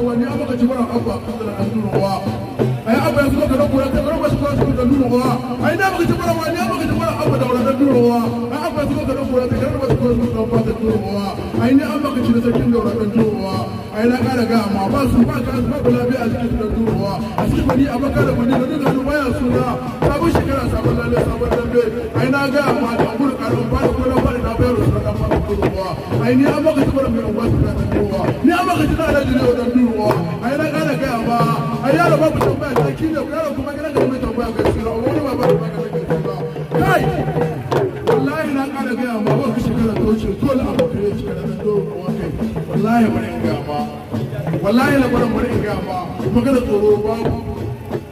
wani abu ka ci abu a kan nuna abu ya kura shi da nuna na baka ci mura wani abu ka ci abu da wani nuna abu ya kura shi da da nuna ci da sarkin da wani nuna na kara ga amma ba su ba ka ba bi a cikin da nuna wa a cikin da da suna sabon shekara sabon lalle sabon lalle ai na ga da ba da ai ni an maka tubar mai unguwa tuba da kurwa ni da na kai wallahi na kana a da magana tsoro babu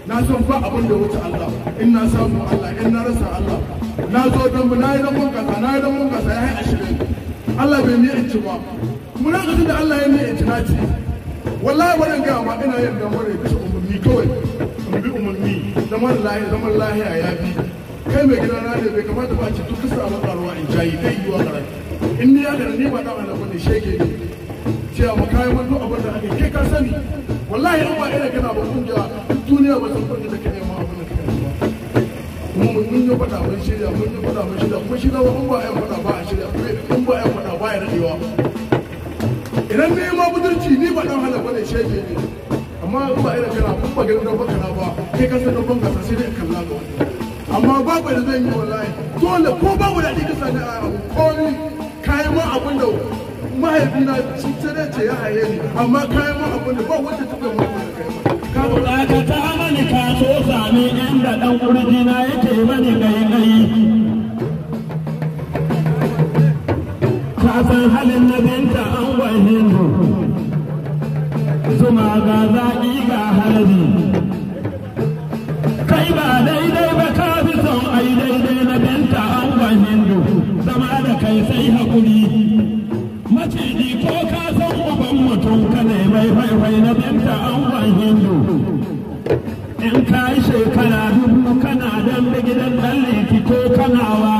na san ba abin da wuce Allah in na samu Allah in na rasa Allah na zo don na yi don mun na yi don ya yi ashirin Allah bai ni'anci ba kuma lokacin da Allah ya ni'anci na ce wallahi wannan ga ma ina yin damar da bisa umarni kawai in bi umarni zaman lahiya zaman lahiya ya bi kai mai gida na ne bai kamata ba ce duk samu karuwa in jayi kai yiwa karatu in ni ya da ni ba dan Allah bane sheke ne ce mu kai mun duk abin da ake kai ka sani wallahi in ba ina kana ba kungiya duniya ba san kungiya take nema abin da kake nema kuma mun yi faɗa mun shirya mun yi faɗa mun shirya kuma shirya ba mun ba a yi faɗa ba a shirya in ba a yi baya daɗewa idan na yi ma budurci ni ba ɗan halal bane shege ne amma in ba irin kana kuma ba ganin dabban kana ba kai ka san dabban gasa sai dai kalla ga wani. amma babu da zan yi wallahi dole ko babu daɗi ka sani a komi kayan ma abin da mahaifina shi ta ce ya haye ni amma kayan ma abin da ba wacce ta kai mutum da kai ka buƙata ta mani ka so sami inda ɗan ƙurjina yake mani gayi gayi kasan halin na binta angon hindu zuma ga zaƙi ga harbi. kai ba daidai ba ka fi son ai daidai na binta angon hindu zama da kai sai haƙuri maciji ko ka san uban mutum ka ne mai faifai na binta angon hindu in ka yi shekara dubu kana dambe gidan ɗan ko kanawa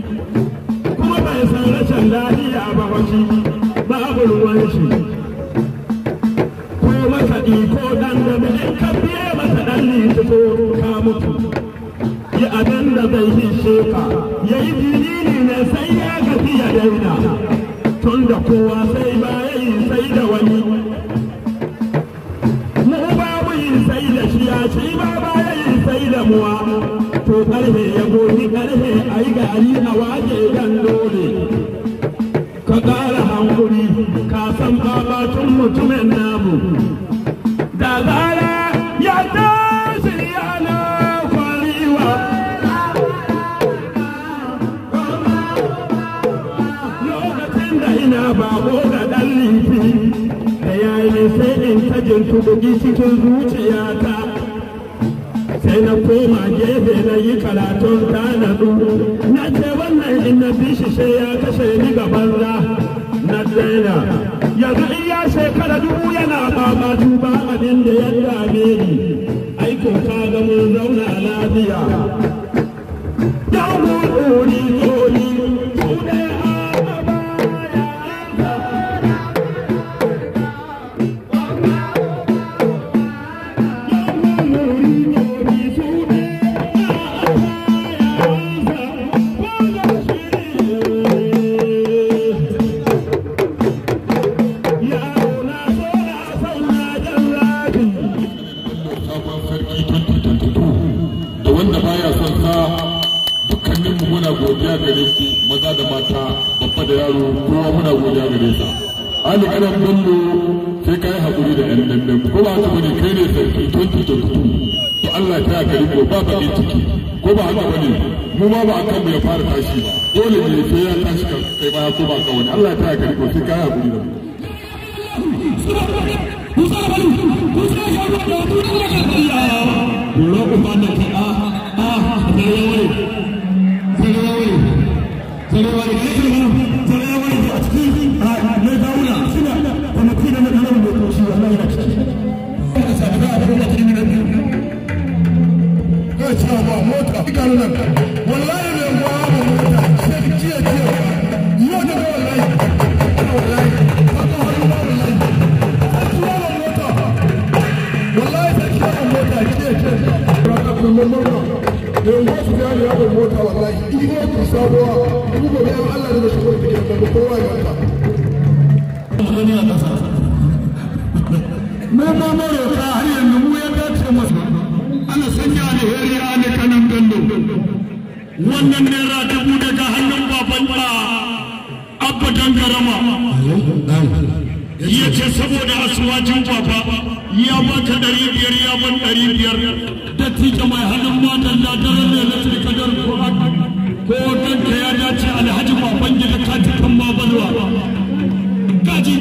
garbe a yi gari a waje dan dole ka ƙara hankuri ka san babatun mutumin namu da zara ya tashi yana lokacin da ina bako da ɗan limfi da yayi sai in ta jintu cikin zuciyata sai na koma gefe na yi karatun tanadu na ce wannan in bishi sai ya kashe ni ga banza na daina yanzu in ya shekara dubu yana babatu ba abin da ya dame ni aiko ka ga mun zauna lafiya muna godiya gare ku maza da mata babba da yaro kowa muna godiya gare sa Ali Adam Bello sai kai hakuri da yan dambe ko ba ka bane kai ne sarki 2022 to Allah ta ka riko ba ba ciki ko ba haka bane mu ma ba akan mu ya fara tashi ba dole ne sai ya tashi kai ba ko ba ka wani Allah ta ka riko sai kai hakuri da mu Wallahi don ba su gane yawon mota wallahi ido ku sabuwa ku ba bayan Allah da shi ko take kowa ya ta magani a kasa har yanzu mu ya dace masa ana sanya alheri a ne kanan gando wannan naira dubu daga hannun baban ba abba dangarama ya saboda asuwajin baba ya baka ɗari biyar ya ban ɗari biyar dattijo mai hannun matan na daren ne na tsirkadar ko kan kanka ya dace alhaji baban gida ka tukan babalwa kaji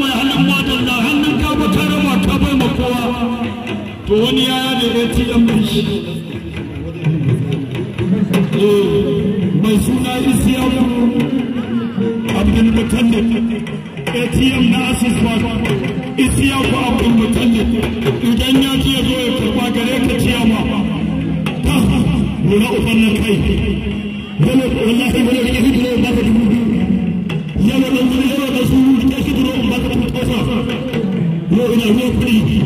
mai hannun matan na hannun ka ba ka rama ka bai ma kowa to wani yaya da atm din shi mai suna isiyaku abdul mutallib atm na abdul mutallib idan ya zo ya मुना ऊपर न बोलो अल्लाह से बोलो यही बोलो बात ये बोलो ये बोलो दसूर कैसे बोलो बात को पैसा वो इन्हें वो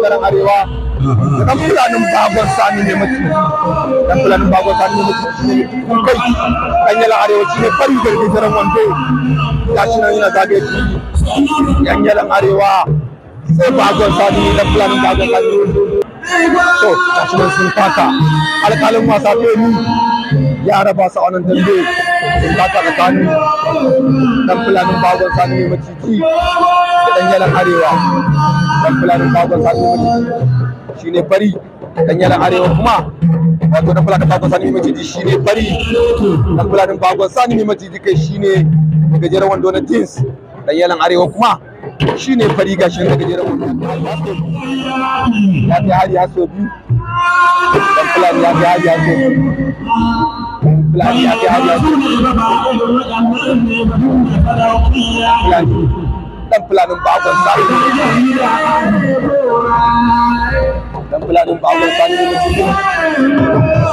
bangaren arewa dan fulanin bagon sani ne mutum dan fulanin bagon sani ne mutum kukai kanyala arewaci ne fari garbi jiran wando ya shi nan yana arewa sai sani dan fulanin sani to sun alƙalin wasa femi ya raba a wannan dambe zaka tsakanin dan fulanin bagon sani mai maciji da dan yalan arewa dan bagon sani mai maciji shine dan yalan arewa kuma wato dan bagon sani mai maciji shine dan bagon sani mai maciji kai shine wando na jeans dan yalan arewa kuma shine fari wando ya fi hari ya so biyu dan fulani ya fi hari ya so biyu dan pelan untuk awal sari dan pelan untuk awal sari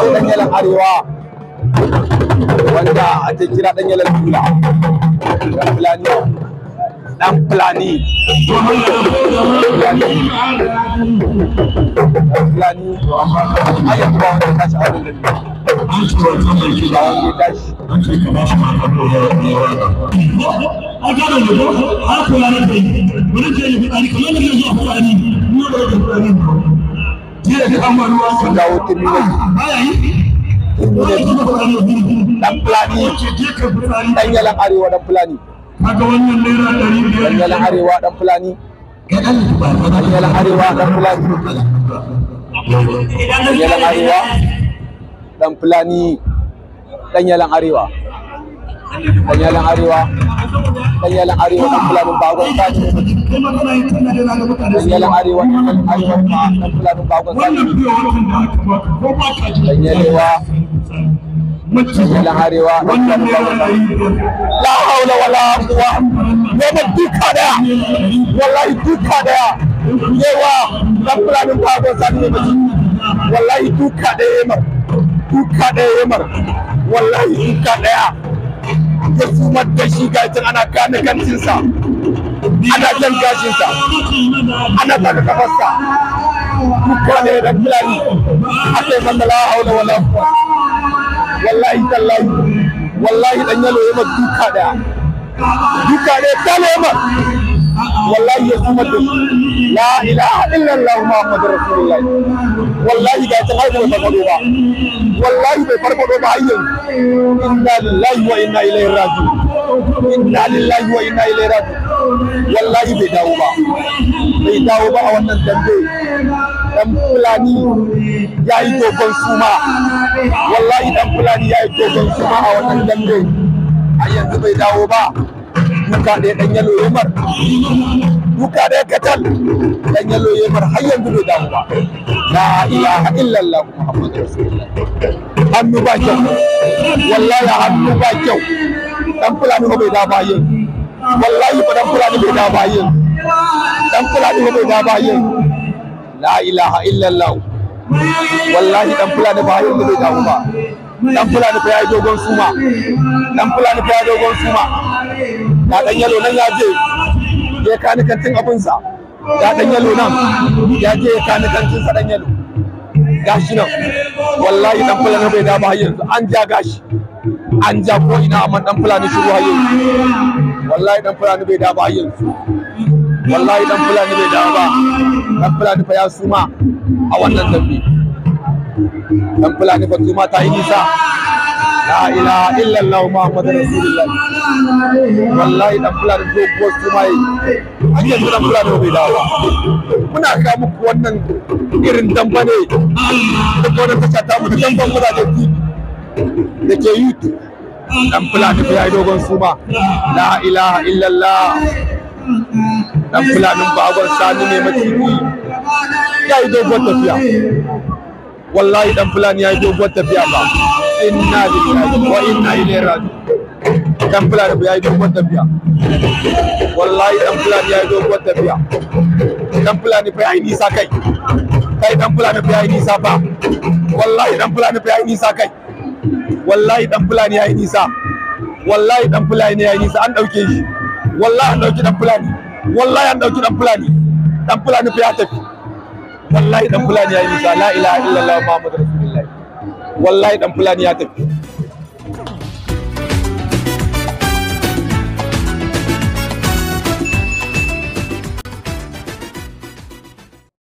sedangnya lah hariwa wanda ada jirat dan nyala gula dan pelan untuk dan fulani fulani ayyar ba Dan dan dan Fulani. kaga wannan naira ɗari biyar ne arewa dan fulani yalan arewa dan fulani yalan arewa dan fulani dan arewa dan arewa dan arewa dan fulani bagon sani dan arewa dan fulani bagon sani dan yalan arewa na arewa wannan la haula wala quwwa yau duka daya wallahi duka da daya yawa dan fulanin babu sani ne wallahi duka daya mar duka daya mar wallahi duka da ya sumar da shi gajin ana gane sa, ana jan gashinsa ana taka kafarsa duka daya da fulani aka yi la haula wala quwwa wallahi tallahi wallahi dan yalo ya duka daya duka ne tale ma wallahi ya kuma da la ilaha illallah muhammadur rasulullah wallahi ga ta haifa ta kado ba wallahi bai farfado ba hayyan inna lillahi wa inna ilaihi inna lillahi wa inna ilaihi raji'un wallahi bai dawo ba bai dawo ba a wannan dambe dan fulani ya yi dogon suma wallahi dan fulani ya yi dogon suma a wannan dambe a yanzu bai dawo ba duka ɗaya ɗan yalo yamar duka ɗaya katal ɗan yalo yamar har yanzu bai dawo ba la ilaha illallah muhammadu rasulullah hannu ba kyau wallahi hannu ba kyau dan fulani ko bai dawo ba yanzu wallahi ba dan fulani bai da yin dan fulani bai da yin la ilaha illallah wallahi dan fulani ba yin bai dawo ba dan fulani fa ya dogon suma dan fulani fa ya dogon suma da dan yalo nan ya je ya kani kantin sa ga dan yalo nan ya je ya kani kantin sa dan yalo gashi nan wallahi dan fulani bai dawo ba yin an ja gashi an ja ko ina amma dan fulani shiru hayin wallahi dan fulani bai da ba yanzu wallahi dan fulani bai da ba dan fulani fa ya suma a wannan dambe dan fulani fa suma ta yi nisa la ilaha illallah muhammadur rasulullah wallahi dan fulani ko suma yi an yanzu dan fulani bai da ba muna ga muku wannan irin dambe ne da kuma ta ta mu damban mutane da ke youtube dan pula ni biar dua orang suma la ilaha illallah dan pula ni biar orang ni mati ya itu buat tepia wallahi dan pula ni itu buat tepia ba inna lillahi wa inna ilaihi raji dan pula ni buat tepia wallahi dan pula ni buat tepia dan pula ni biar ini sakai kai dan pula ni biar ini sabah wallahi dan pula ni biar ini sakai wallahi dan fulani ya yi nisa wallahi dan fulani ya yi nisa an ɗauke shi wallahi an dauki dan fulani wallahi an dauki dan fulani dan fulani fa ya tafi wallahi dan fulani ya yi nisa la ilaha illallah muhammadur rasulullah wallahi dan fulani ya tafi